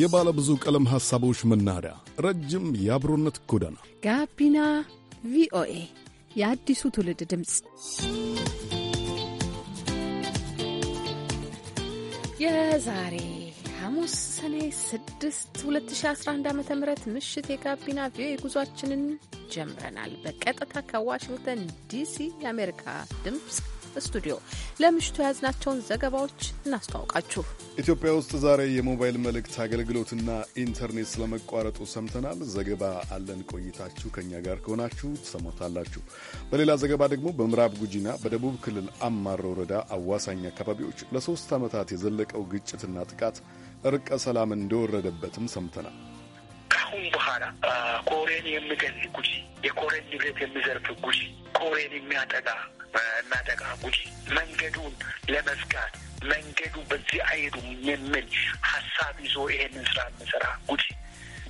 የባለ ብዙ ቀለም ሐሳቦች መናኸሪያ፣ ረጅም የአብሮነት ጎዳና፣ ጋቢና ቪኦኤ የአዲሱ ትውልድ ድምፅ። የዛሬ ሐሙስ ሰኔ 6 2011 ዓ ም ምሽት የጋቢና ቪኦኤ ጉዟችንን ጀምረናል። በቀጥታ ከዋሽንግተን ዲሲ የአሜሪካ ድምፅ ስቱዲዮ ለምሽቱ የያዝናቸውን ዘገባዎች እናስተዋውቃችሁ። ኢትዮጵያ ውስጥ ዛሬ የሞባይል መልእክት አገልግሎትና ኢንተርኔት ስለመቋረጡ ሰምተናል። ዘገባ አለን። ቆይታችሁ ከእኛ ጋር ከሆናችሁ ትሰሙታላችሁ። በሌላ ዘገባ ደግሞ በምዕራብ ጉጂና በደቡብ ክልል አማሮ ወረዳ አዋሳኝ አካባቢዎች ለሶስት ዓመታት የዘለቀው ግጭትና ጥቃት እርቀ ሰላም እንደወረደበትም ሰምተናል። ከአሁን በኋላ ኮሬን የሚገል ጉጂ፣ የኮሬን ንብረት የሚዘርፍ ጉጂ፣ ኮሬን የሚያጠቃ የሚያጠቃ ጉጂ መንገዱን ለመዝጋት መንገዱ በዚህ አይሄዱም የሚል ሀሳብ ይዞ ይሄንን ስራ የምሰራ ጉጂ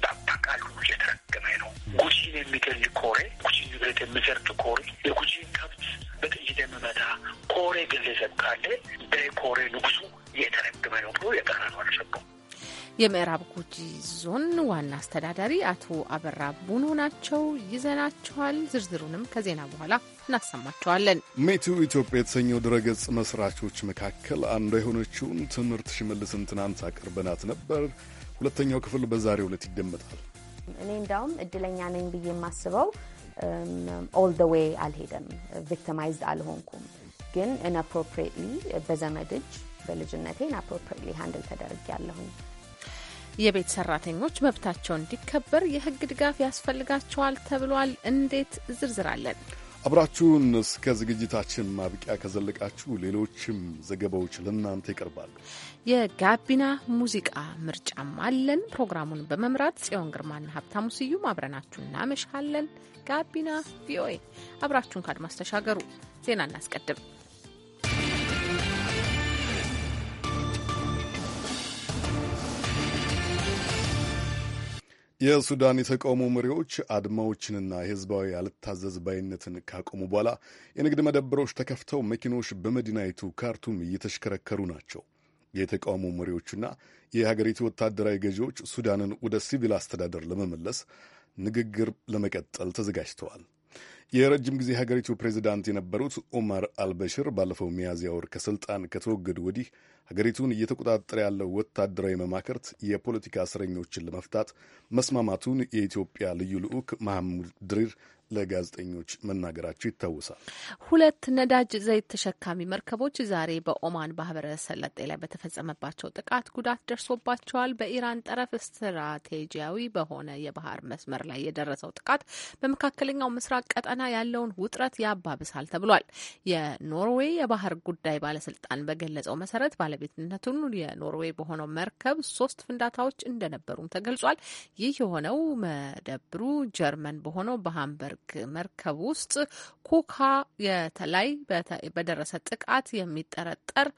በአባቃሉ እየተረገመ ነው። ጉጂን የሚገል ኮሬ፣ ጉጂ ንብረት የሚዘርፍ ኮሬ፣ የጉጂን ከብት በጥይት የሚመታ ኮሬ ግለሰብ ካለ በኮሬ ንጉሱ እየተረገመ ነው ብሎ የጠራ ነው አልሰጡም። የምዕራብ ጉጂ ዞን ዋና አስተዳዳሪ አቶ አበራ ቡኖ ናቸው። ይዘናቸዋል። ዝርዝሩንም ከዜና በኋላ እናሰማቸዋለን። ሜቱ ኢትዮጵያ የተሰኘው ድረገጽ መስራቾች መካከል አንዷ የሆነችውን ትምህርት ሽመልስን ትናንት አቅርበናት ነበር። ሁለተኛው ክፍል በዛሬው ዕለት ይደመጣል። እኔ እንዳውም እድለኛ ነኝ ብዬ የማስበው ኦል ደ ዌይ አልሄደም፣ ቪክቲማይዝድ አልሆንኩም። ግን ኢንአፕሮፕሪየትሊ በዘመድ እጅ በልጅነቴ ኢንአፕሮፕሪየትሊ ሃንድል ተደርግ ያለሁኝ የቤት ሰራተኞች መብታቸው እንዲከበር የህግ ድጋፍ ያስፈልጋቸዋል ተብሏል። እንዴት ዝርዝራለን። አብራችሁን እስከ ዝግጅታችን ማብቂያ ከዘለቃችሁ ሌሎችም ዘገባዎች ለእናንተ ይቀርባሉ። የጋቢና ሙዚቃ ምርጫም አለን። ፕሮግራሙን በመምራት ጽዮን ግርማና ሀብታሙ ስዩም አብረናችሁ እናመሻለን። ጋቢና ቪኦኤ አብራችሁን ከአድማስ ተሻገሩ። ዜና እናስቀድም። የሱዳን የተቃውሞ መሪዎች አድማዎችንና የህዝባዊ አልታዘዝ ባይነትን ካቆሙ በኋላ የንግድ መደብሮች ተከፍተው መኪኖች በመዲናይቱ ካርቱም እየተሽከረከሩ ናቸው። የተቃውሞ መሪዎቹና የሀገሪቱ ወታደራዊ ገዢዎች ሱዳንን ወደ ሲቪል አስተዳደር ለመመለስ ንግግር ለመቀጠል ተዘጋጅተዋል። የረጅም ጊዜ ሀገሪቱ ፕሬዚዳንት የነበሩት ኦማር አልበሽር ባለፈው ሚያዝያ ወር ከስልጣን ከተወገዱ ወዲህ ሀገሪቱን እየተቆጣጠረ ያለው ወታደራዊ መማክርት የፖለቲካ እስረኞችን ለመፍታት መስማማቱን የኢትዮጵያ ልዩ ልዑክ መሐሙድ ድሪር ለጋዜጠኞች መናገራቸው ይታወሳል። ሁለት ነዳጅ ዘይት ተሸካሚ መርከቦች ዛሬ በኦማን ባህረ ሰላጤ ላይ በተፈጸመባቸው ጥቃት ጉዳት ደርሶባቸዋል። በኢራን ጠረፍ ስትራቴጂያዊ በሆነ የባህር መስመር ላይ የደረሰው ጥቃት በመካከለኛው ምስራቅ ቀጠና ያለውን ውጥረት ያባብሳል ተብሏል። የኖርዌይ የባህር ጉዳይ ባለስልጣን በገለጸው መሰረት ባለ ባለቤትነቱን የኖርዌይ በሆነው መርከብ ሶስት ፍንዳታዎች እንደነበሩም ተገልጿል። ይህ የሆነው መደብሩ ጀርመን በሆነው በሃምበርግ መርከብ ውስጥ ኩካ የተላይ በደረሰ ጥቃት የሚጠረጠር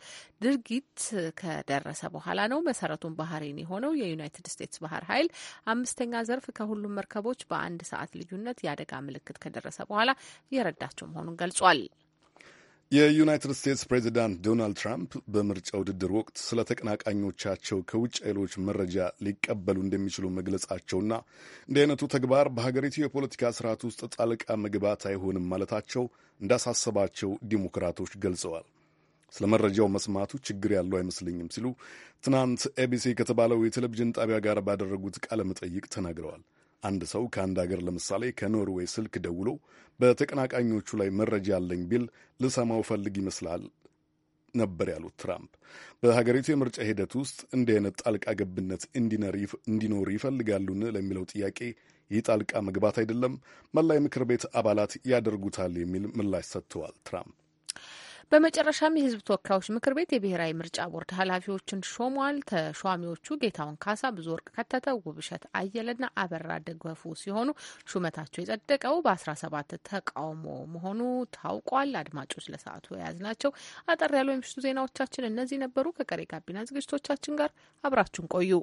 ድርጊት ከደረሰ በኋላ ነው። መሰረቱን ባህሬን የሆነው የዩናይትድ ስቴትስ ባህር ኃይል አምስተኛ ዘርፍ ከሁሉም መርከቦች በአንድ ሰዓት ልዩነት የአደጋ ምልክት ከደረሰ በኋላ እየረዳቸው መሆኑን ገልጿል። የዩናይትድ ስቴትስ ፕሬዚዳንት ዶናልድ ትራምፕ በምርጫ ውድድር ወቅት ስለ ተቀናቃኞቻቸው ከውጭ ኃይሎች መረጃ ሊቀበሉ እንደሚችሉ መግለጻቸውና እንዲህ አይነቱ ተግባር በሀገሪቱ የፖለቲካ ስርዓት ውስጥ ጣልቃ መግባት አይሆንም ማለታቸው እንዳሳሰባቸው ዲሞክራቶች ገልጸዋል። ስለ መረጃው መስማቱ ችግር ያለው አይመስለኝም ሲሉ ትናንት ኤቢሲ ከተባለው የቴሌቪዥን ጣቢያ ጋር ባደረጉት ቃለ መጠይቅ ተናግረዋል። አንድ ሰው ከአንድ አገር ለምሳሌ ከኖርዌይ ስልክ ደውሎ በተቀናቃኞቹ ላይ መረጃ አለኝ ቢል ልሰማው ፈልግ ይመስላል ነበር ያሉት ትራምፕ በሀገሪቱ የምርጫ ሂደት ውስጥ እንዲህ አይነት ጣልቃ ገብነት እንዲኖር ይፈልጋሉን ለሚለው ጥያቄ ይህ ጣልቃ መግባት አይደለም መላ የምክር ቤት አባላት ያደርጉታል የሚል ምላሽ ሰጥተዋል ትራምፕ በመጨረሻም የህዝብ ተወካዮች ምክር ቤት የብሔራዊ ምርጫ ቦርድ ኃላፊዎችን ሾሟል። ተሿሚዎቹ ጌታውን ካሳ፣ ብዙ ወርቅ ከተተ፣ ውብሸት አየለና አበራ ደገፉ ሲሆኑ ሹመታቸው የጸደቀው በ17 ተቃውሞ መሆኑ ታውቋል። አድማጮች ለሰዓቱ የያዝ ናቸው አጠር ያሉ የምሽቱ ዜናዎቻችን እነዚህ ነበሩ። ከቀሪ ጋቢና ዝግጅቶቻችን ጋር አብራችሁን ቆዩ።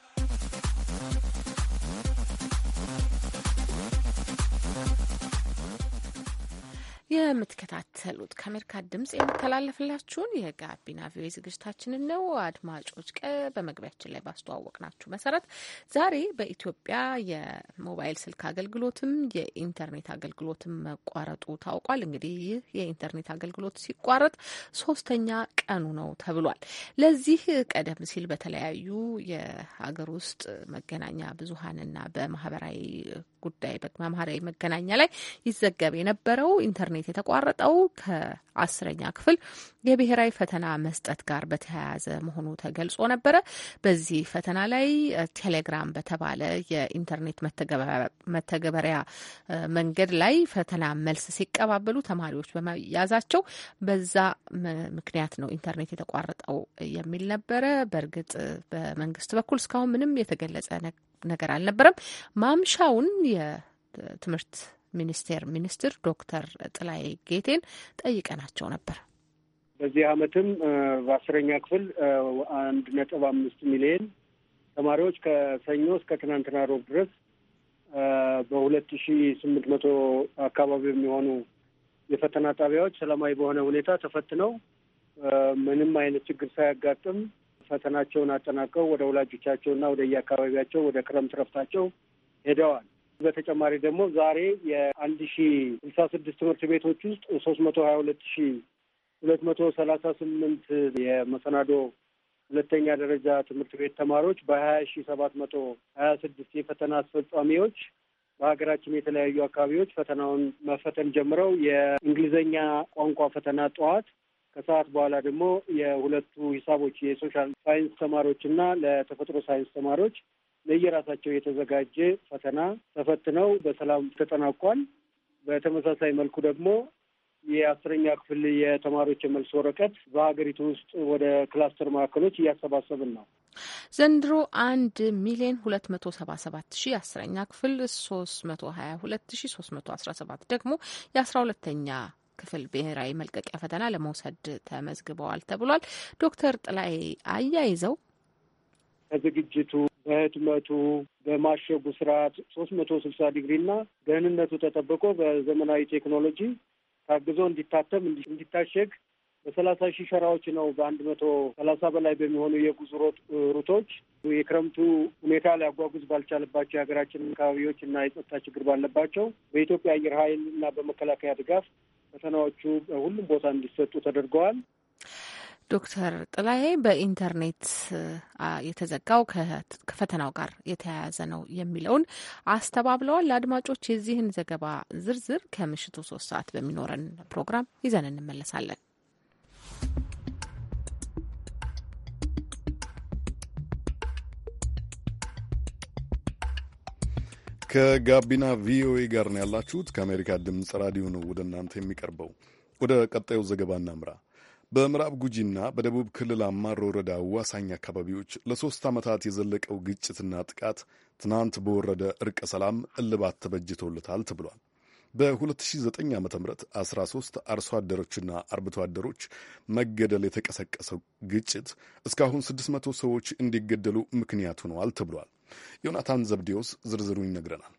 የምትከታተሉት ከአሜሪካ ድምጽ የሚተላለፍላችሁን የጋቢና ቪኦኤ ዝግጅታችንን ነው። አድማጮች፣ በመግቢያችን ላይ ባስተዋወቅናችሁ መሰረት ዛሬ በኢትዮጵያ የሞባይል ስልክ አገልግሎትም የኢንተርኔት አገልግሎትም መቋረጡ ታውቋል። እንግዲህ ይህ የኢንተርኔት አገልግሎት ሲቋረጥ ሶስተኛ ቀኑ ነው ተብሏል። ለዚህ ቀደም ሲል በተለያዩ የሀገር ውስጥ መገናኛ ብዙሀንና በማህበራዊ ጉዳይ በማህበራዊ መገናኛ ላይ ይዘገብ የነበረው ኢንተርኔት ቤት የተቋረጠው ከአስረኛ ክፍል የብሔራዊ ፈተና መስጠት ጋር በተያያዘ መሆኑ ተገልጾ ነበረ። በዚህ ፈተና ላይ ቴሌግራም በተባለ የኢንተርኔት መተግበሪያ መንገድ ላይ ፈተና መልስ ሲቀባበሉ ተማሪዎች በመያዛቸው በዛ ምክንያት ነው ኢንተርኔት የተቋረጠው የሚል ነበረ። በእርግጥ በመንግስት በኩል እስካሁን ምንም የተገለጸ ነገር አልነበረም። ማምሻውን የትምህርት ሚኒስቴር ሚኒስትር ዶክተር ጥላይ ጌቴን ጠይቀናቸው ነበር። በዚህ አመትም በአስረኛ ክፍል አንድ ነጥብ አምስት ሚሊዮን ተማሪዎች ከሰኞ እስከ ትናንትና ሮብ ድረስ በሁለት ሺ ስምንት መቶ አካባቢ የሚሆኑ የፈተና ጣቢያዎች ሰላማዊ በሆነ ሁኔታ ተፈትነው ምንም አይነት ችግር ሳያጋጥም ፈተናቸውን አጠናቀው ወደ ወላጆቻቸውና ወደ የአካባቢያቸው ወደ ክረምት ረፍታቸው ሄደዋል። በተጨማሪ ደግሞ ዛሬ የአንድ ሺ ስልሳ ስድስት ትምህርት ቤቶች ውስጥ ሶስት መቶ ሀያ ሁለት ሺ ሁለት መቶ ሰላሳ ስምንት የመሰናዶ ሁለተኛ ደረጃ ትምህርት ቤት ተማሪዎች በሀያ ሺ ሰባት መቶ ሀያ ስድስት የፈተና አስፈጻሚዎች በሀገራችን የተለያዩ አካባቢዎች ፈተናውን መፈተን ጀምረው የእንግሊዝኛ ቋንቋ ፈተና ጠዋት ከሰዓት በኋላ ደግሞ የሁለቱ ሂሳቦች የሶሻል ሳይንስ ተማሪዎች እና ለተፈጥሮ ሳይንስ ተማሪዎች ለየራሳቸው የተዘጋጀ ፈተና ተፈትነው በሰላም ተጠናቋል። በተመሳሳይ መልኩ ደግሞ የአስረኛ ክፍል የተማሪዎች የመልስ ወረቀት በሀገሪቱ ውስጥ ወደ ክላስተር ማዕከሎች እያሰባሰብን ነው። ዘንድሮ አንድ ሚሊዮን ሁለት መቶ ሰባ ሰባት ሺ አስረኛ ክፍል ሶስት መቶ ሀያ ሁለት ሺ ሶስት መቶ አስራ ሰባት ደግሞ የአስራ ሁለተኛ ክፍል ብሔራዊ መልቀቂያ ፈተና ለመውሰድ ተመዝግበዋል ተብሏል። ዶክተር ጥላይ አያይዘው ከዝግጅቱ በህትመቱ፣ በማሸጉ ስርዓት ሶስት መቶ ስልሳ ዲግሪ እና ደህንነቱ ተጠብቆ በዘመናዊ ቴክኖሎጂ ታግዞ እንዲታተም እንዲታሸግ በሰላሳ ሺህ ሸራዎች ነው በአንድ መቶ ሰላሳ በላይ በሚሆኑ የጉዞ ሩቶች የክረምቱ ሁኔታ ሊያጓጉዝ ባልቻለባቸው የሀገራችን አካባቢዎች እና የጸጥታ ችግር ባለባቸው በኢትዮጵያ አየር ኃይል እና በመከላከያ ድጋፍ ፈተናዎቹ በሁሉም ቦታ እንዲሰጡ ተደርገዋል። ዶክተር ጥላዬ በኢንተርኔት የተዘጋው ከፈተናው ጋር የተያያዘ ነው የሚለውን አስተባብለዋል። ለአድማጮች የዚህን ዘገባ ዝርዝር ከምሽቱ ሶስት ሰዓት በሚኖረን ፕሮግራም ይዘን እንመለሳለን። ከጋቢና ቪኦኤ ጋር ነው ያላችሁት። ከአሜሪካ ድምፅ ራዲዮ ነው ወደ እናንተ የሚቀርበው። ወደ ቀጣዩ ዘገባ እናምራ። በምዕራብ ጉጂና በደቡብ ክልል አማሮ ወረዳ አዋሳኝ አካባቢዎች ለሶስት ዓመታት የዘለቀው ግጭትና ጥቃት ትናንት በወረደ እርቀ ሰላም እልባት ተበጅቶለታል ተብሏል። በ2009 ዓ ም 13 አርሶ አደሮችና አርብቶ አደሮች መገደል የተቀሰቀሰው ግጭት እስካሁን 600 ሰዎች እንዲገደሉ ምክንያት ሆነዋል ተብሏል። ዮናታን ዘብዴዎስ ዝርዝሩን ይነግረናል።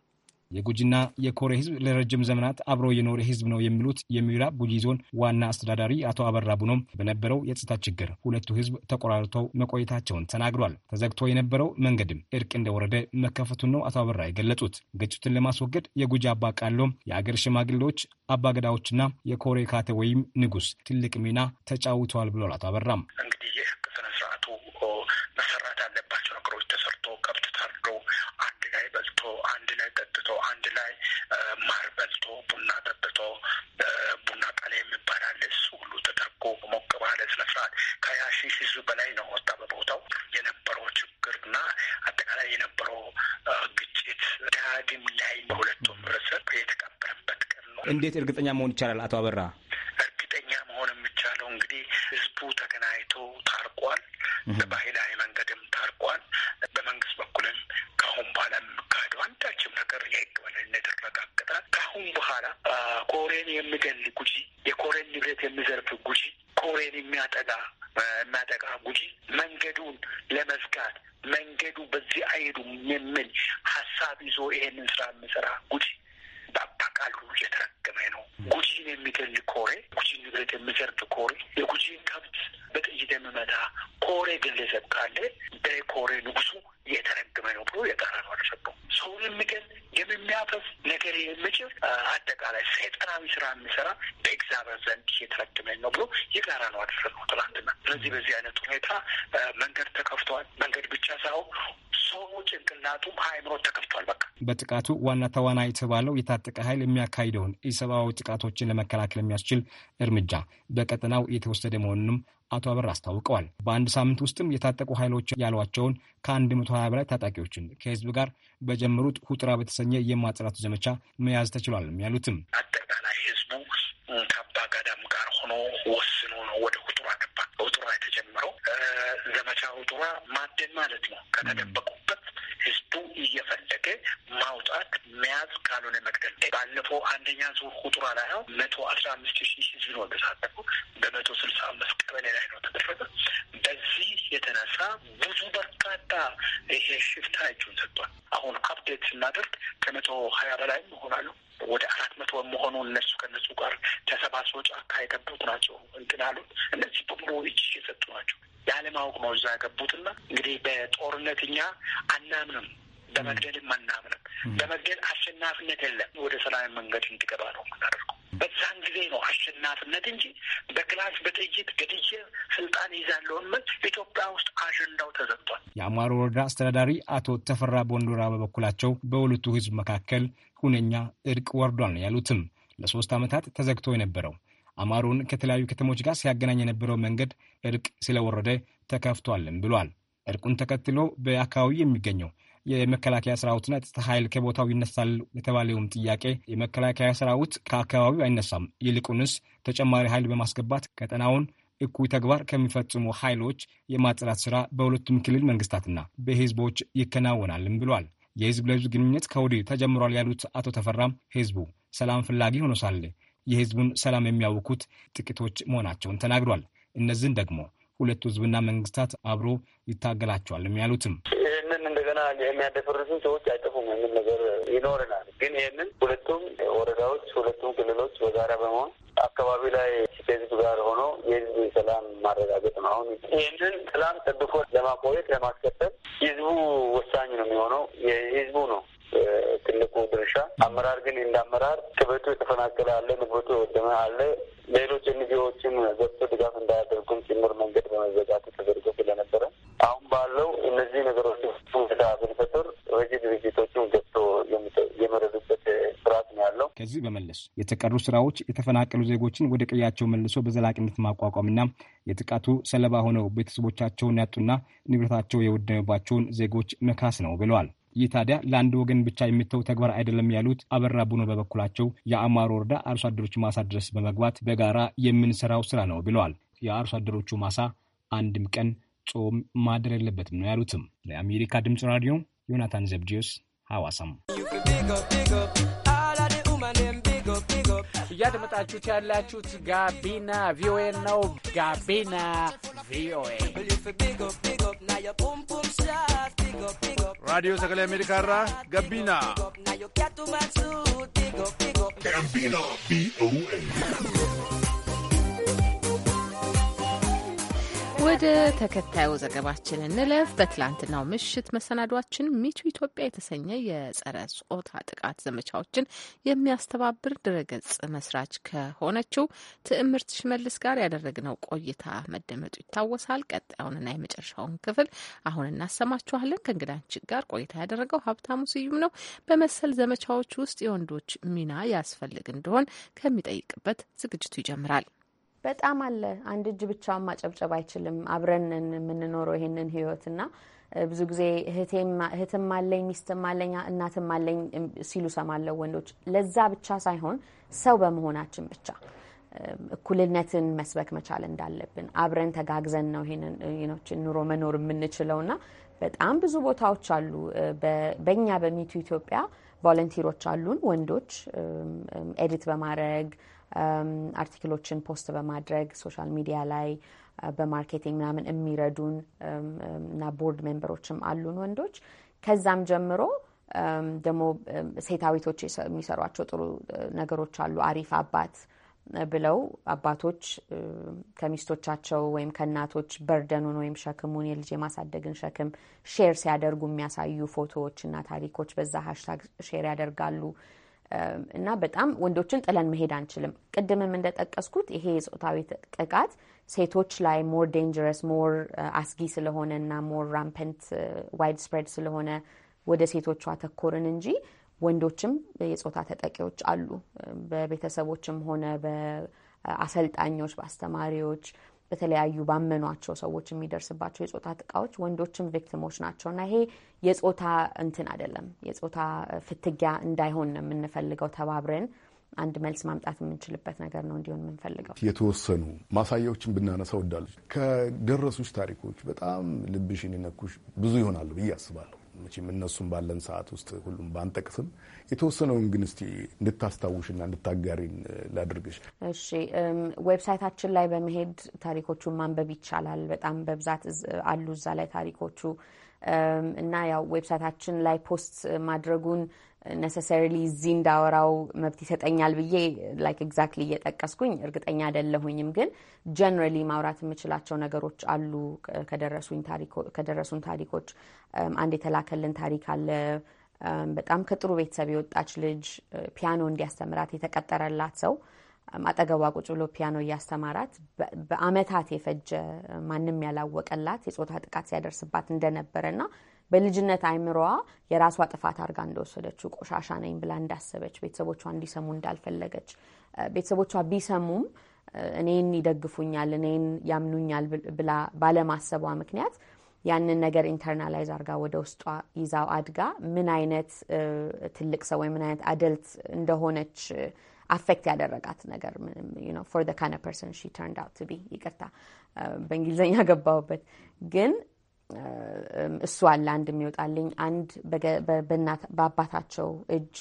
የጉጂና የኮሬ ህዝብ ለረጅም ዘመናት አብሮ የኖረ ህዝብ ነው የሚሉት የሚራ ጉጂ ዞን ዋና አስተዳዳሪ አቶ አበራ ቡኖም በነበረው የጸጥታ ችግር ሁለቱ ህዝብ ተቆራርተው መቆየታቸውን ተናግሯል። ተዘግቶ የነበረው መንገድም እርቅ እንደወረደ መከፈቱን ነው አቶ አበራ የገለጹት። ግጭቱን ለማስወገድ የጉጂ አባ ቃሎም፣ የአገር ሽማግሌዎች፣ አባገዳዎችና የኮሬ ካቴ ወይም ንጉስ ትልቅ ሚና ተጫውተዋል ብሏል። አቶ አበራም እንግዲህ የህግ ስነስርዓቱ መሰራት አለበት እንዴት እርግጠኛ መሆን ይቻላል? አቶ አበራ በጥይት የምመታ ኮሬ ግለሰብ ካለ በኮሬ ንጉሱ እየተረግመ ነው ብሎ የጠራ ነው። አልሰበው ሰውን የሚገል የምሚያፈስ ነገር የምጭር አጠቃላይ ሰይጣናዊ ስራ የሚሰራ በእግዚአብሔር ዘንድ የተረገመ ነው ብሎ የጋራ ነው አደረገው ትላንትና። ስለዚህ በዚህ አይነት ሁኔታ መንገድ ተከፍቷል። መንገድ ብቻ ሳይሆን ሰው ጭንቅላቱም ሀይምሮ ተከፍቷል። በቃ በጥቃቱ ዋና ተዋና የተባለው የታጠቀ ኃይል የሚያካሂደውን ኢሰብአዊ ጥቃቶችን ለመከላከል የሚያስችል እርምጃ በቀጠናው የተወሰደ መሆኑንም አቶ አበር አስታውቀዋል። በአንድ ሳምንት ውስጥም የታጠቁ ኃይሎች ያሏቸውን ከ120 በላይ ታጣቂዎችን ከህዝብ ጋር በጀመሩት ሁጥራ በተሰኘ የማጽዳቱ ዘመቻ መያዝ ተችሏል። ያሉትም አጠቃላይ ህዝቡ ገዳም ጋር ሆኖ ወስኖ ነው ወደ ውጡራ ገባ። ውጡራ የተጀመረው ዘመቻ ውጡራ ማደን ማለት ነው። ከተደበቁበት ህዝቡ እየፈለገ ማውጣት መያዝ፣ ካልሆነ መግደል። ባለፈው አንደኛ ዙር ውጡራ ላይ ነው መቶ አስራ አምስት ሺህ ህዝብ ነው ተሳተፉ። በመቶ ስልሳ አምስት ቀበሌ ላይ ነው ተደረገ። በዚህ የተነሳ ብዙ በርካታ ይሄ ሽፍታ እጁን ሰጥቷል። አሁን አፕዴት ስናደርግ ከመቶ ሀያ በላይም ይሆናሉ። ወደ አራት መቶ መሆኑ እነሱ ከነሱ ጋር ተሰባስቦ ጫካ የገቡት ናቸው እንትን አሉት። እነዚህ በሙሉ እጅ የሰጡ ናቸው። ያለማወቅ ነው እዛ የገቡትና እንግዲህ በጦርነት እኛ አናምንም፣ በመግደልም አናምንም። በመግደል አሸናፊነት የለም። ወደ ሰላም መንገድ እንድገባ ነው የምናደርገው። በዛን ጊዜ ነው አሸናፊነት እንጂ በክላስ በጥይት ገድዬ ስልጣን ይዛለውን መልስ ኢትዮጵያ ውስጥ አጀንዳው ተዘግቷል። የአማሮ ወረዳ አስተዳዳሪ አቶ ተፈራ ቦንዶራ በበኩላቸው በሁለቱ ህዝብ መካከል ሁነኛ እርቅ ወርዷል ነው ያሉትም። ለሶስት ዓመታት ተዘግቶ የነበረው አማሮን ከተለያዩ ከተሞች ጋር ሲያገናኝ የነበረው መንገድ እርቅ ስለወረደ ተከፍቷልም ብሏል። እርቁን ተከትሎ በአካባቢ የሚገኘው የመከላከያ ሰራዊትና የጸጥታ ኃይል ከቦታው ይነሳል የተባለውም ጥያቄ የመከላከያ ሰራዊት ከአካባቢው አይነሳም፣ ይልቁንስ ተጨማሪ ኃይል በማስገባት ቀጠናውን እኩይ ተግባር ከሚፈጽሙ ኃይሎች የማጽዳት ስራ በሁለቱም ክልል መንግስታትና በህዝቦች ይከናወናልም ብሏል። የህዝብ ለህዝብ ግንኙነት ከወዲሁ ተጀምሯል ያሉት አቶ ተፈራም ህዝቡ ሰላም ፍላጊ ሆኖ ሳለ የህዝቡን ሰላም የሚያውኩት ጥቂቶች መሆናቸውን ተናግሯል። እነዚህን ደግሞ ሁለቱ ህዝብና መንግስታት አብሮ ይታገላቸዋል የሚያሉትም ይህንን እንደ የሚያደፈርሱ ሰዎች አይጠፉም የሚል ነገር ይኖረናል። ግን ይህንን ሁለቱም ወረዳዎች ሁለቱም ክልሎች በጋራ በመሆን አካባቢ ላይ ከህዝብ ጋር ሆኖ የህዝብ ሰላም ማረጋገጥ ነው። አሁን ይህንን ሰላም ጠብቆ ለማቆየት ለማስከተል ህዝቡ ወሳኝ ነው የሚሆነው የህዝቡ ነው ትልቁ ድርሻ አመራር ግን እንደ አመራር ክበቱ የተፈናቀለ አለ፣ ንብረቱ የወደመ አለ። ሌሎች ኤንጂኦዎችን ገብቶ ድጋፍ እንዳያደርጉም ጭምር መንገድ በመዘጋቱ ተደርጎ ስለነበረ አሁን ባለው እነዚህ ነገሮች ሁኔታ ብንፈጥር ረጂ ድርጅቶችን ገብቶ የመረዱበት ስርዓት ነው ያለው። ከዚህ በመለስ የተቀሩ ስራዎች የተፈናቀሉ ዜጎችን ወደ ቀያቸው መልሶ በዘላቂነት ማቋቋምና የጥቃቱ ሰለባ ሆነው ቤተሰቦቻቸውን ያጡና ንብረታቸው የወደመባቸውን ዜጎች መካስ ነው ብለዋል። ይህ ታዲያ ለአንድ ወገን ብቻ የሚተው ተግባር አይደለም ያሉት አበራ ቡኖ በበኩላቸው የአማሮ ወረዳ አርሶ አደሮች ማሳ ድረስ በመግባት በጋራ የምንሰራው ስራ ነው ብለዋል። የአርሶ አደሮቹ ማሳ አንድም ቀን ጾም ማደር የለበትም ነው ያሉትም። ለአሜሪካ ድምፅ ራዲዮ ዮናታን ዘብድዮስ ሐዋሳም እያደመጣችሁት ያላችሁት ጋቢና ቪኦኤ ነው። ጋቢና ቪኦኤ raadiyoo sagalee ameerikaa irraa gabbiina. gabbiina b o ወደ ተከታዩ ዘገባችን እንለፍ። በትላንትናው ምሽት መሰናዷችን ሚቱ ኢትዮጵያ የተሰኘ የጸረ ጾታ ጥቃት ዘመቻዎችን የሚያስተባብር ድረገጽ መስራች ከሆነችው ትዕምርት ሽመልስ ጋር ያደረግነው ቆይታ መደመጡ ይታወሳል። ቀጣዩንና የመጨረሻውን ክፍል አሁን እናሰማችኋለን። ከእንግዳችን ጋር ቆይታ ያደረገው ሀብታሙ ስዩም ነው። በመሰል ዘመቻዎች ውስጥ የወንዶች ሚና ያስፈልግ እንደሆን ከሚጠይቅበት ዝግጅቱ ይጀምራል። በጣም አለ። አንድ እጅ ብቻውን ማጨብጨብ አይችልም። አብረን የምንኖረው ይሄንን ህይወት እና ብዙ ጊዜ እህትም አለኝ ሚስትም አለኝ እናትም አለኝ ሲሉ ሰማለው ወንዶች። ለዛ ብቻ ሳይሆን ሰው በመሆናችን ብቻ እኩልነትን መስበክ መቻል እንዳለብን አብረን ተጋግዘን ነው ይህንን ኑሮ መኖር የምንችለው እና በጣም ብዙ ቦታዎች አሉ። በእኛ በሚቱ ኢትዮጵያ ቮለንቲሮች አሉን ወንዶች ኤዲት በማድረግ አርቲክሎችን um, ፖስት በማድረግ ሶሻል ሚዲያ ላይ uh, በማርኬቲንግ ምናምን የሚረዱን um, um, እና ቦርድ ሜምበሮችም አሉን ወንዶች። ከዛም ጀምሮ ደግሞ ሴታዊቶች የሚሰሯቸው ጥሩ uh, ነገሮች አሉ። አሪፍ አባት ብለው አባቶች ከሚስቶቻቸው ወይም ከእናቶች በርደኑን ወይም ሸክሙን የልጅ የማሳደግን ሸክም ሼር ሲያደርጉ የሚያሳዩ ፎቶዎች እና ታሪኮች በዛ ሀሽታግ ሼር ያደርጋሉ። እና በጣም ወንዶችን ጥለን መሄድ አንችልም። ቅድምም እንደጠቀስኩት ይሄ የጾታዊ ጥቃት ሴቶች ላይ ሞር ዴንጀረስ ሞር አስጊ ስለሆነ እና ሞር ራምፐንት ዋይድ ስፕሬድ ስለሆነ ወደ ሴቶቹ አተኮርን እንጂ ወንዶችም የጾታ ተጠቂዎች አሉ። በቤተሰቦችም ሆነ በአሰልጣኞች፣ በአስተማሪዎች በተለያዩ ባመኗቸው ሰዎች የሚደርስባቸው የጾታ ጥቃዎች ወንዶችም ቪክቲሞች ናቸው እና ይሄ የጾታ እንትን አይደለም፣ የጾታ ፍትጊያ እንዳይሆን ነው የምንፈልገው። ተባብረን አንድ መልስ ማምጣት የምንችልበት ነገር ነው እንዲሆን የምንፈልገው። የተወሰኑ ማሳያዎችን ብናነሳ ወዳለች ከደረሱች ታሪኮች በጣም ልብሽን የነኩሽ ብዙ ይሆናሉ ብዬ አስባለሁ። መቼም እነሱም ባለን ሰዓት ውስጥ ሁሉም ባንጠቅስም የተወሰነውን ግን እስቲ እንድታስታውሽና እንድታጋሪን ላድርግሽ። እሺ፣ ዌብሳይታችን ላይ በመሄድ ታሪኮቹን ማንበብ ይቻላል። በጣም በብዛት አሉ እዛ ላይ ታሪኮቹ እና ያው ዌብሳይታችን ላይ ፖስት ማድረጉን ነሰሰሪሊ እዚህ እንዳወራው መብት ይሰጠኛል ብዬ ላይክ ኤግዛክትሊ እየጠቀስኩኝ እርግጠኛ አይደለሁኝም፣ ግን ጀነራሊ ማውራት የምችላቸው ነገሮች አሉ። ከደረሱን ታሪኮች um, አንድ የተላከልን ታሪክ አለ። um, በጣም ከጥሩ ቤተሰብ የወጣች ልጅ uh, ፒያኖ እንዲያስተምራት የተቀጠረላት ሰው um, አጠገቧ ቁጭ ብሎ ፒያኖ እያስተማራት በአመታት የፈጀ ማንም ያላወቀላት የጾታ ጥቃት ሲያደርስባት እንደነበረ በልጅነት አይምሮዋ የራሷ ጥፋት አድርጋ እንደወሰደችው ቆሻሻ ነኝ ብላ እንዳሰበች ቤተሰቦቿ እንዲሰሙ እንዳልፈለገች ቤተሰቦቿ ቢሰሙም እኔን ይደግፉኛል፣ እኔን ያምኑኛል ብላ ባለማሰቧ ምክንያት ያንን ነገር ኢንተርናላይዝ አድርጋ ወደ ውስጧ ይዛው አድጋ ምን አይነት ትልቅ ሰው ወይም ምን አይነት አደልት እንደሆነች አፌክት ያደረጋት ነገር ፎር ፐርሰን ሺ ተርንድ አውት ቢ ይቅርታ በእንግሊዝኛ ገባሁበት። ግን እሱ አለ አንድ የሚወጣልኝ አንድ በአባታቸው እጅ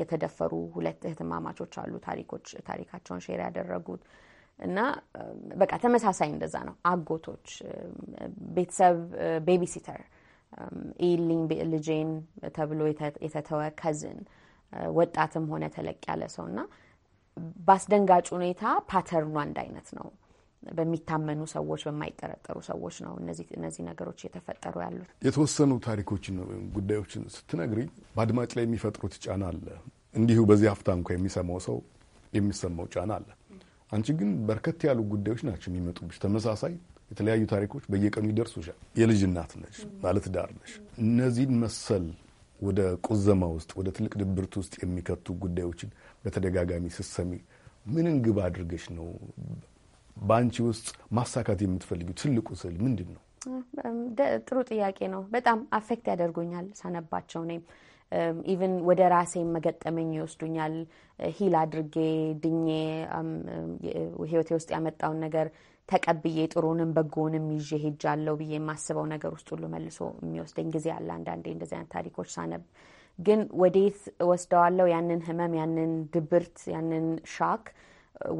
የተደፈሩ ሁለት እህትማማቾች አሉ። ታሪኮች ታሪካቸውን ሼር ያደረጉት እና በቃ ተመሳሳይ እንደዛ ነው። አጎቶች፣ ቤተሰብ፣ ቤቢሲተር ኢልኝ ልጄን ተብሎ የተተወ ከዝን፣ ወጣትም ሆነ ተለቅ ያለ ሰው እና በአስደንጋጭ ሁኔታ ፓተርኑ አንድ አይነት ነው። በሚታመኑ ሰዎች፣ በማይጠረጠሩ ሰዎች ነው እነዚህ ነገሮች እየተፈጠሩ ያሉት። የተወሰኑ ታሪኮችን ጉዳዮችን ስትነግሪ በአድማጭ ላይ የሚፈጥሩት ጫና አለ። እንዲሁ በዚህ ሀፍታ እንኳ የሚሰማው ሰው የሚሰማው ጫና አለ። አንቺ ግን በርከት ያሉ ጉዳዮች ናቸው የሚመጡብሽ። ተመሳሳይ የተለያዩ ታሪኮች በየቀኑ ይደርሱሻል። የልጅ እናት ነሽ፣ ባለትዳር ነሽ። እነዚህን መሰል ወደ ቁዘማ ውስጥ ወደ ትልቅ ድብርት ውስጥ የሚከቱ ጉዳዮችን በተደጋጋሚ ስትሰሚ ምን ግብ አድርገሽ ነው በአንቺ ውስጥ ማሳካት የምትፈልጊው ትልቁ ስዕል ምንድን ነው? ጥሩ ጥያቄ ነው። በጣም አፌክት ያደርጉኛል ሳነባቸው። ኔ ኢቨን ወደ ራሴ መገጠመኝ ይወስዱኛል። ሂል አድርጌ ድኜ ህይወቴ ውስጥ ያመጣውን ነገር ተቀብዬ ጥሩንም በጎንም ይዤ ሄጃለሁ ብዬ የማስበው ነገር ውስጥ ሁሉ መልሶ የሚወስደኝ ጊዜ አለ። አንዳንዴ እንደዚህ አይነት ታሪኮች ሳነብ ግን ወዴት ወስደዋለው ያንን ህመም፣ ያንን ድብርት፣ ያንን ሻክ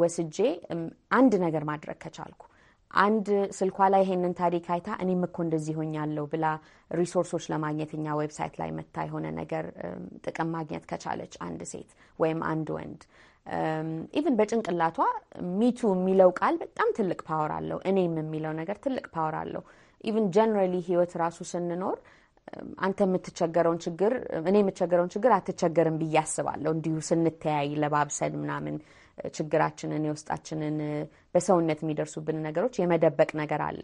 ወስጄ አንድ ነገር ማድረግ ከቻልኩ አንድ ስልኳ ላይ ይሄንን ታሪክ አይታ እኔም እኮ እንደዚህ ሆኛለሁ ብላ ሪሶርሶች ለማግኘት እኛ ዌብሳይት ላይ መታ የሆነ ነገር ጥቅም ማግኘት ከቻለች አንድ ሴት ወይም አንድ ወንድ ኢቨን በጭንቅላቷ ሚቱ የሚለው ቃል በጣም ትልቅ ፓወር አለው። እኔም የሚለው ነገር ትልቅ ፓወር አለው። ኢቨን ጀነራሊ ህይወት ራሱ ስንኖር አንተ የምትቸገረውን ችግር እኔ የምቸገረውን ችግር አትቸገርም ብዬ አስባለሁ። እንዲሁ ስንተያይ ለባብሰን ምናምን ችግራችንን የውስጣችንን በሰውነት የሚደርሱብን ነገሮች የመደበቅ ነገር አለ።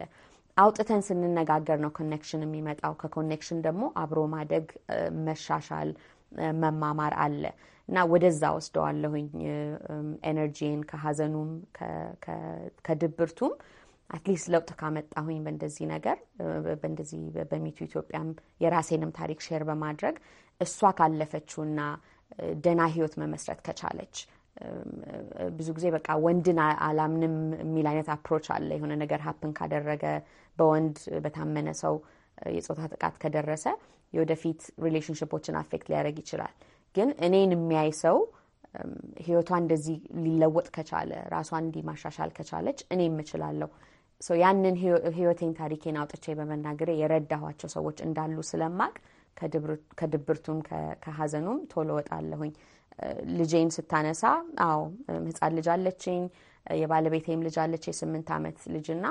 አውጥተን ስንነጋገር ነው ኮኔክሽን የሚመጣው። ከኮኔክሽን ደግሞ አብሮ ማደግ፣ መሻሻል፣ መማማር አለ እና ወደዛ ወስደዋለሁኝ ኤነርጂን ከሀዘኑም ከድብርቱም አትሊስት ለውጥ ካመጣሁኝ በእንደዚህ ነገር በእንደዚህ በሚቱ ኢትዮጵያም የራሴንም ታሪክ ሼር በማድረግ እሷ ካለፈችውና ደህና ህይወት መመስረት ከቻለች ብዙ ጊዜ በቃ ወንድን አላምንም የሚል አይነት አፕሮች አለ። የሆነ ነገር ሀፕን ካደረገ በወንድ በታመነ ሰው የጾታ ጥቃት ከደረሰ የወደፊት ሪሌሽንሽፖችን አፌክት ሊያደርግ ይችላል። ግን እኔን የሚያይ ሰው ህይወቷ እንደዚህ ሊለወጥ ከቻለ ራሷን እንዲህ ማሻሻል ከቻለች እኔ የምችላለሁ ያንን ህይወቴን ታሪኬን አውጥቼ በመናገሬ የረዳኋቸው ሰዎች እንዳሉ ስለማቅ ከድብርቱም ከሀዘኑም ቶሎ ወጣለሁኝ። ልጄን ስታነሳ አዎ ህፃን ልጅ አለችኝ፣ የባለቤቴም ልጅ አለች የስምንት ዓመት ልጅና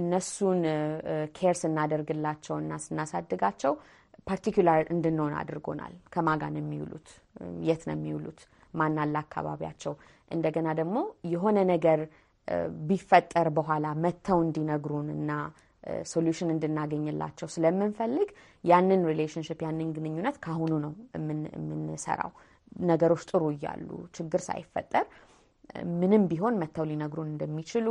እነሱን ኬር ና ስናሳድጋቸው ፓርቲኩላር እንድንሆን አድርጎናል። ከማጋን የሚውሉት የት ነው የሚውሉት? ማናላ አካባቢያቸው። እንደገና ደግሞ የሆነ ነገር ቢፈጠር በኋላ መጥተው እንዲነግሩን እና ሶሉሽን እንድናገኝላቸው ስለምንፈልግ ያንን ሪሌሽንሽፕ ያንን ግንኙነት ካሁኑ ነው የምንሰራው። ነገሮች ጥሩ እያሉ ችግር ሳይፈጠር ምንም ቢሆን መጥተው ሊነግሩን እንደሚችሉ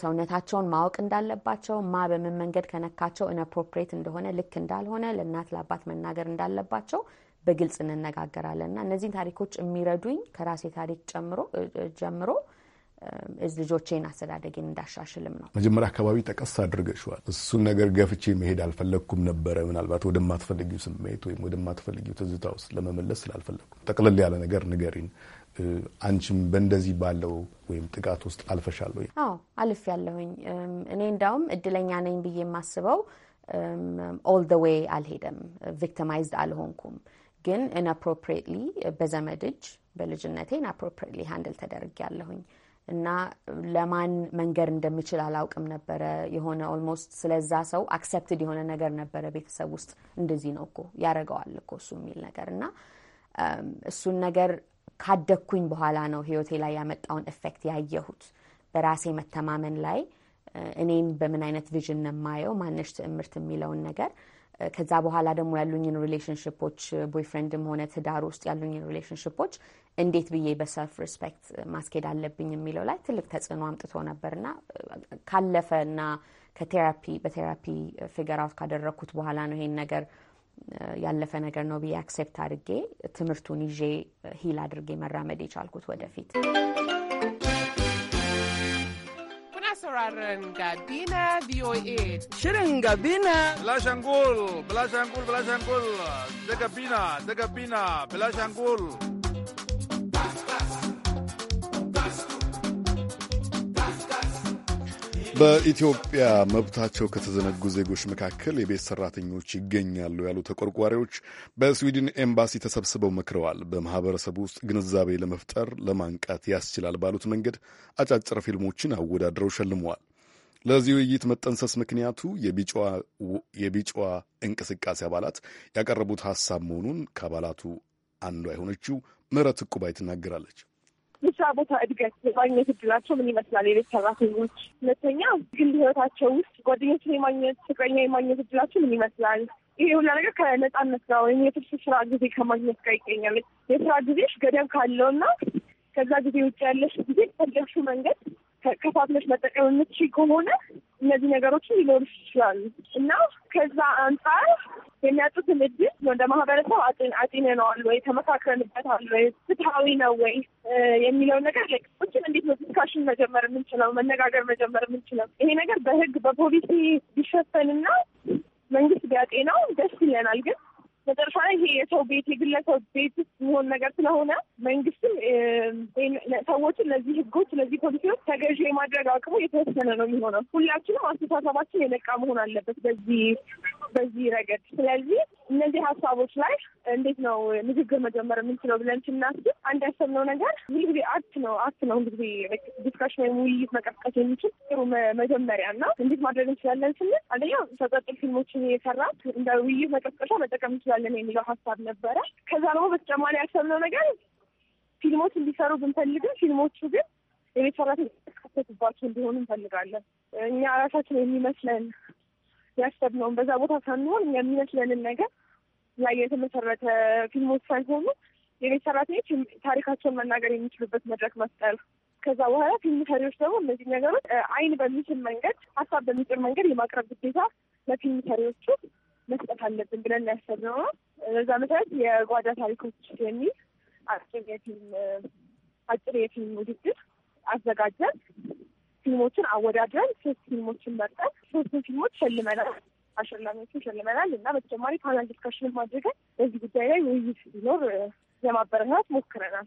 ሰውነታቸውን ማወቅ እንዳለባቸው ማ በምን መንገድ ከነካቸው ኢንአፕሮፕሬት እንደሆነ ልክ እንዳልሆነ ለእናት ለአባት መናገር እንዳለባቸው በግልጽ እንነጋገራለን እና እነዚህን ታሪኮች የሚረዱኝ ከራሴ ታሪክ ጀምሮ ልጆቼን አስተዳደጌን እንዳሻሽልም ነው። መጀመሪያ አካባቢ ጠቀስ አድርገሽዋል። እሱን ነገር ገፍቼ መሄድ አልፈለግኩም ነበረ። ምናልባት ወደማትፈልጊው ስሜት ወይም ወደማትፈልጊው ትዝታ ውስጥ ለመመለስ ስላልፈለግኩ ጠቅልል ያለ ነገር ንገሪን። አንቺም በእንደዚህ ባለው ወይም ጥቃት ውስጥ አልፈሻለሁ? አዎ አልፍ ያለሁኝ። እኔ እንዳውም እድለኛ ነኝ ብዬ የማስበው ኦል ደ ዌይ አልሄደም፣ ቪክቲማይዝድ አልሆንኩም። ግን ኢንአፕሮፕሪየትሊ በዘመድ እጅ በልጅነቴ ኢንአፕሮፕሪየትሊ ሃንድል ተደርግ ያለሁኝ እና ለማን መንገር እንደምችል አላውቅም ነበረ። የሆነ ኦልሞስት ስለዛ ሰው አክሰፕትድ የሆነ ነገር ነበረ ቤተሰብ ውስጥ እንደዚህ ነው እኮ ያደረገዋል እኮ እሱ የሚል ነገር እና እሱን ነገር ካደግኩኝ በኋላ ነው ህይወቴ ላይ ያመጣውን ኤፌክት ያየሁት በራሴ መተማመን ላይ እኔን በምን አይነት ቪዥን ነው የማየው ማነሽ ትዕምርት የሚለውን ነገር ከዛ በኋላ ደግሞ ያሉኝን ሪሌሽንሽፖች ቦይፍሬንድም ሆነ ትዳር ውስጥ ያሉኝን ሪሌሽንሽፖች እንዴት ብዬ በሰልፍ ሪስፔክት ማስኬድ አለብኝ የሚለው ላይ ትልቅ ተጽዕኖ አምጥቶ ነበርና ካለፈና ከቴራፒ በቴራፒ ፊገር አውት ካደረግኩት በኋላ ነው ይሄን ነገር ያለፈ ነገር ነው ብዬ አክሴፕት አድርጌ ትምህርቱን ይዤ ሂል አድርጌ መራመድ የቻልኩት ወደፊት። sauraron Gabina VOA. Shirin Gabina. Bilashangul, Bilashangul, Bilashangul. በኢትዮጵያ መብታቸው ከተዘነጉ ዜጎች መካከል የቤት ሰራተኞች ይገኛሉ ያሉ ተቆርቋሪዎች በስዊድን ኤምባሲ ተሰብስበው መክረዋል። በማህበረሰቡ ውስጥ ግንዛቤ ለመፍጠር ለማንቃት ያስችላል ባሉት መንገድ አጫጭር ፊልሞችን አወዳድረው ሸልመዋል። ለዚህ ውይይት መጠንሰስ ምክንያቱ የቢጫዋ እንቅስቃሴ አባላት ያቀረቡት ሀሳብ መሆኑን ከአባላቱ አንዷ የሆነችው ምህረት እቁባይ ትናገራለች። የስራ ቦታ እድገት የማግኘት እድላቸው ምን ይመስላል? የቤት ሰራተኞች ሁለተኛ ግል ህይወታቸው ውስጥ ጓደኞችን የማግኘት ፍቅረኛ የማግኘት እድላቸው ምን ይመስላል? ይሄ ሁላ ነገር ከነጻነት ጋር ወይም የትርፍ ስራ ጊዜ ከማግኘት ጋር ይገኛል። የስራ ጊዜሽ ገደብ ካለውና ከዛ ጊዜ ውጭ ያለሽ ጊዜ በፈለግሽው መንገድ ከፋፍለሽ መጠቀም የምትችይ ከሆነ እነዚህ ነገሮችን ሊኖሩ ይችላሉ እና ከዛ አንጻር የሚያጡትን እድል ወደ ማህበረሰብ አጤንነዋል ወይ ተመካክረንበታል ወይ ፍትሀዊ ነው ወይ የሚለውን ነገር ቁጭም እንዴት ነው ዲስካሽን መጀመር የምንችለው መነጋገር መጀመር የምንችለው ይሄ ነገር በህግ በፖሊሲ ቢሸፈንና መንግስት ቢያጤናው ደስ ይለናል ግን መጨረሻ ላይ ይሄ የሰው ቤት የግለሰብ ቤት የሚሆን ነገር ስለሆነ መንግስትም ሰዎች ለዚህ ህጎች፣ ለዚህ ፖሊሲዎች ተገዥ የማድረግ አቅሙ የተወሰነ ነው የሚሆነው። ሁላችንም አስተሳሰባችን የነቃ መሆን አለበት በዚህ በዚህ ረገድ። ስለዚህ እነዚህ ሀሳቦች ላይ እንዴት ነው ንግግር መጀመር የምንችለው ብለን ስናስብ አንድ ያሰብነው ነገር ሁሉ ጊዜ አርት ነው አርት ነው ሁሉ ጊዜ ዲስካሽን ወይም ውይይት መቀስቀስ የሚችል ጥሩ መጀመሪያ እና እንዴት ማድረግ እንችላለን ስንል አንደኛው ተጠጥል ፊልሞችን የሰራ እንደ ውይይት መቀስቀሻ መጠቀም እንችላለን የሚለው ሀሳብ ነበረ። ከዛ ደግሞ በተጨማሪ ያሰብነው ነገር ፊልሞች እንዲሰሩ ብንፈልግም ፊልሞቹ ግን የቤት ሰራተኞች የሚካተቱባቸው እንዲሆኑ እንፈልጋለን። እኛ ራሳችን የሚመስለን ያሰብነውን በዛ ቦታ ሳንሆን የሚመስለንን ነገር ላይ የተመሰረተ ፊልሞች ሳይሆኑ የቤት ሰራተኞች ታሪካቸውን መናገር የሚችሉበት መድረክ መፍጠር፣ ከዛ በኋላ ፊልም ሰሪዎች ደግሞ እነዚህ ነገሮች አይን በሚችል መንገድ፣ ሀሳብ በሚጭር መንገድ የማቅረብ ግዴታ ለፊልም ሰሪዎቹ መስጠት አለብን ብለን ያሰብነው ነው። በዛ መሰረት የጓዳ ታሪኮች የሚል አጭር የፊልም አጭር የፊልም ውድድር አዘጋጀን። ፊልሞችን አወዳድረን ሶስት ፊልሞችን መርጠን ሶስቱን ፊልሞች ሸልመናል፣ አሸላሚዎችን ሸልመናል እና በተጨማሪ ፓናል ዲስካሽን ማድረገን በዚህ ጉዳይ ላይ ውይይት ቢኖር ለማበረታት ሞክረናል።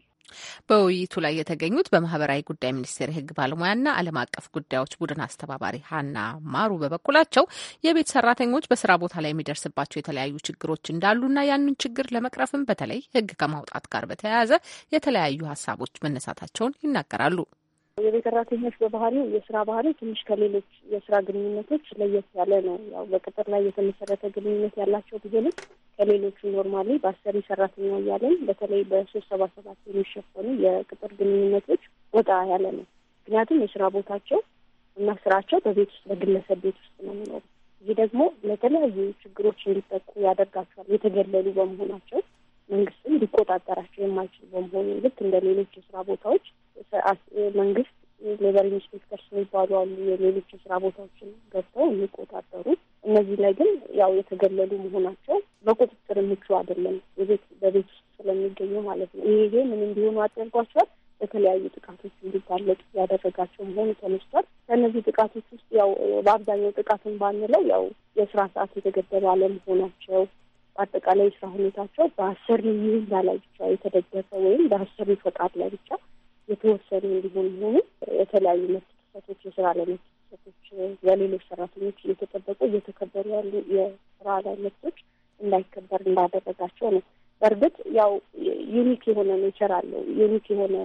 በውይይቱ ላይ የተገኙት በማህበራዊ ጉዳይ ሚኒስቴር የህግ ባለሙያና ዓለም አቀፍ ጉዳዮች ቡድን አስተባባሪ ሀና ማሩ በበኩላቸው የቤት ሰራተኞች በስራ ቦታ ላይ የሚደርስባቸው የተለያዩ ችግሮች እንዳሉና ያንን ችግር ለመቅረፍም በተለይ ህግ ከማውጣት ጋር በተያያዘ የተለያዩ ሀሳቦች መነሳታቸውን ይናገራሉ። የቤት ሰራተኞች በባህሪው የስራ ባህሪ ትንሽ ከሌሎች የስራ ግንኙነቶች ለየት ያለ ነው። ያው በቅጥር ላይ የተመሰረተ ግንኙነት ያላቸው ቢሆንም ከሌሎቹ ኖርማሊ በአሰሪ ሰራተኛ እያለን በተለይ በሶስት ሰባ ሰባት የሚሸፈኑ የቅጥር ግንኙነቶች ወጣ ያለ ነው። ምክንያቱም የስራ ቦታቸው እና ስራቸው በቤት ውስጥ በግለሰብ ቤት ውስጥ ነው የሚኖሩ። ይህ ደግሞ ለተለያዩ ችግሮች እንዲጠቁ ያደርጋቸዋል። የተገለሉ በመሆናቸው መንግስትም ሊቆጣጠራቸው የማይችል በመሆኑ ልክ እንደ ሌሎች የስራ ቦታዎች መንግስት ሌበር ኢንስፔክተርስ የሚባሉ አሉ። የሌሎች ስራ ቦታዎችን ገብተው የሚቆጣጠሩ እነዚህ ላይ ግን ያው የተገለሉ መሆናቸው በቁጥጥር ምቹ አይደለም። የቤት በቤት ውስጥ ስለሚገኙ ማለት ነው። ይሄ ይሄ ምን እንዲሆኑ አድርጓቸዋል። በተለያዩ ጥቃቶች እንዲጋለጡ ያደረጋቸው መሆኑ ተነስቷል። ከእነዚህ ጥቃቶች ውስጥ ያው በአብዛኛው ጥቃትን ባንለው ያው የስራ ሰዓት የተገደበ አለመሆናቸው በአጠቃላይ የስራ ሁኔታቸው በአሰሪ ይሁንታ ላይ ብቻ የተደገፈ ወይም በአሰሪ ፈቃድ ላይ ብቻ የተወሰኑ እንዲሆን ሆኑ የተለያዩ መብት ጥሰቶች፣ የስራ ላይ መብት ጥሰቶች ለሌሎች ሰራተኞች እየተጠበቁ እየተከበሩ ያሉ የስራ ላይ መብቶች እንዳይከበር እንዳደረጋቸው ነው። በእርግጥ ያው ዩኒክ የሆነ ኔቸር አለው። ዩኒክ የሆነ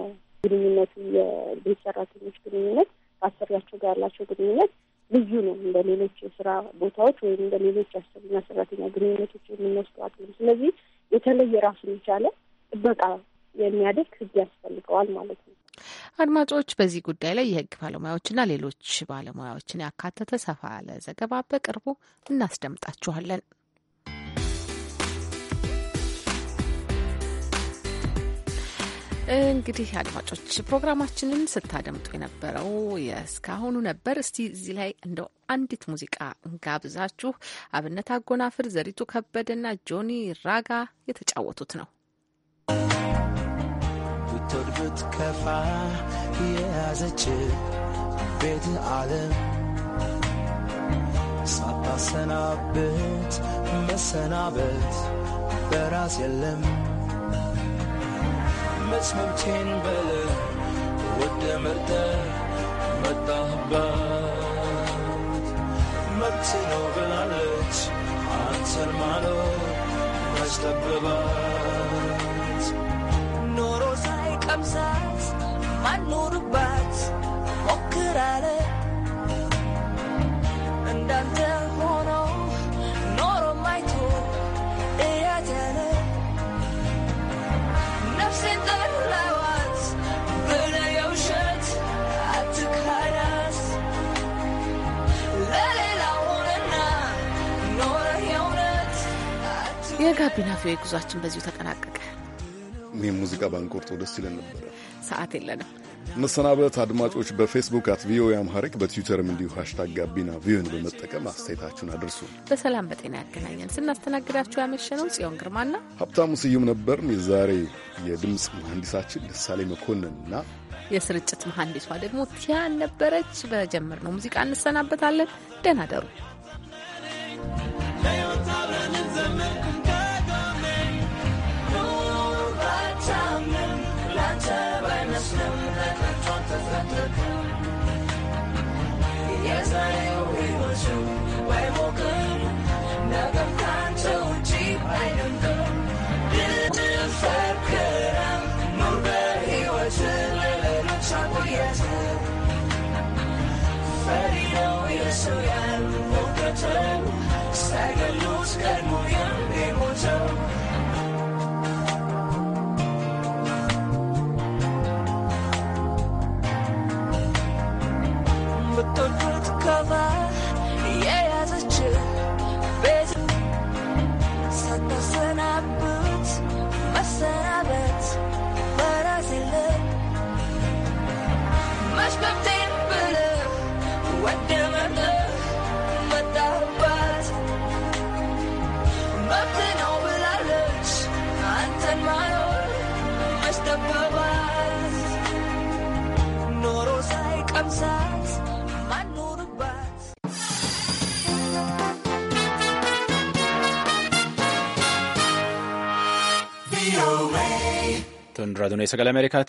ግንኙነቱ የቤት ሰራተኞች ግንኙነት ከአሰሪያቸው ጋር ያላቸው ግንኙነት ልዩ ነው። እንደ ሌሎች የስራ ቦታዎች ወይም እንደ ሌሎች አሰሪና ሰራተኛ ግንኙነቶች የምንወስደው አይደለም። ስለዚህ የተለየ ራሱን የቻለ ጥበቃ የሚያደርግ ህግ ያስፈልገዋል ማለት ነው። አድማጮች፣ በዚህ ጉዳይ ላይ የህግ ባለሙያዎችና ሌሎች ባለሙያዎችን ያካተተ ሰፋ ያለ ዘገባ በቅርቡ እናስደምጣችኋለን። እንግዲህ አድማጮች ፕሮግራማችንን ስታደምጡ የነበረው የእስካሁኑ ነበር። እስቲ እዚህ ላይ እንደው አንዲት ሙዚቃ እንጋብዛችሁ። አብነት አጎናፍር፣ ዘሪቱ ከበደና ጆኒ ራጋ የተጫወቱት ነው። ብትወድ ብትከፋ የያዘች ቤት ዓለም ሳታሰናብት መሰናበት በራስ የለም። መስመምቼን በለ ወደ መርጠ መጣህባት መብት ነው ብላለች አንተን ማኖር መስጠበባት ለማብዛት ማኖርባት ሞክራለ እንዳንተ ሆኖ ኖሮ ማይቶ እያተነ ነፍሴን ጠለዋት ብለ የውሸት ለሌላ ሆነና ኖረ የእውነት የጋቢና ቪኦኤ ጉዟችን በዚሁ ተጠናቀቀ። ይህም ሙዚቃ ባንቆርጦ ደስ ይለን ነበረ። ሰዓት የለንም መሰናበት። አድማጮች በፌስቡክ አት ቪኦኤ አምሃሪክ በትዊተርም እንዲሁ ሀሽታግ ጋቢና ቪኦኤን በመጠቀም አስተያየታችሁን አድርሱ። በሰላም በጤና ያገናኘን። ስናስተናግዳችሁ ያመሸነው ጽዮን ግርማና ሀብታሙ ስዩም ነበርን። የዛሬ የድምፅ መሐንዲሳችን ደሳሌ መኮንንና የስርጭት መሐንዲሷ ደግሞ ቲያን ነበረች። በጀመርነው ሙዚቃ እንሰናበታለን። ደህና ደሩ። Hello. raduno di Sacra America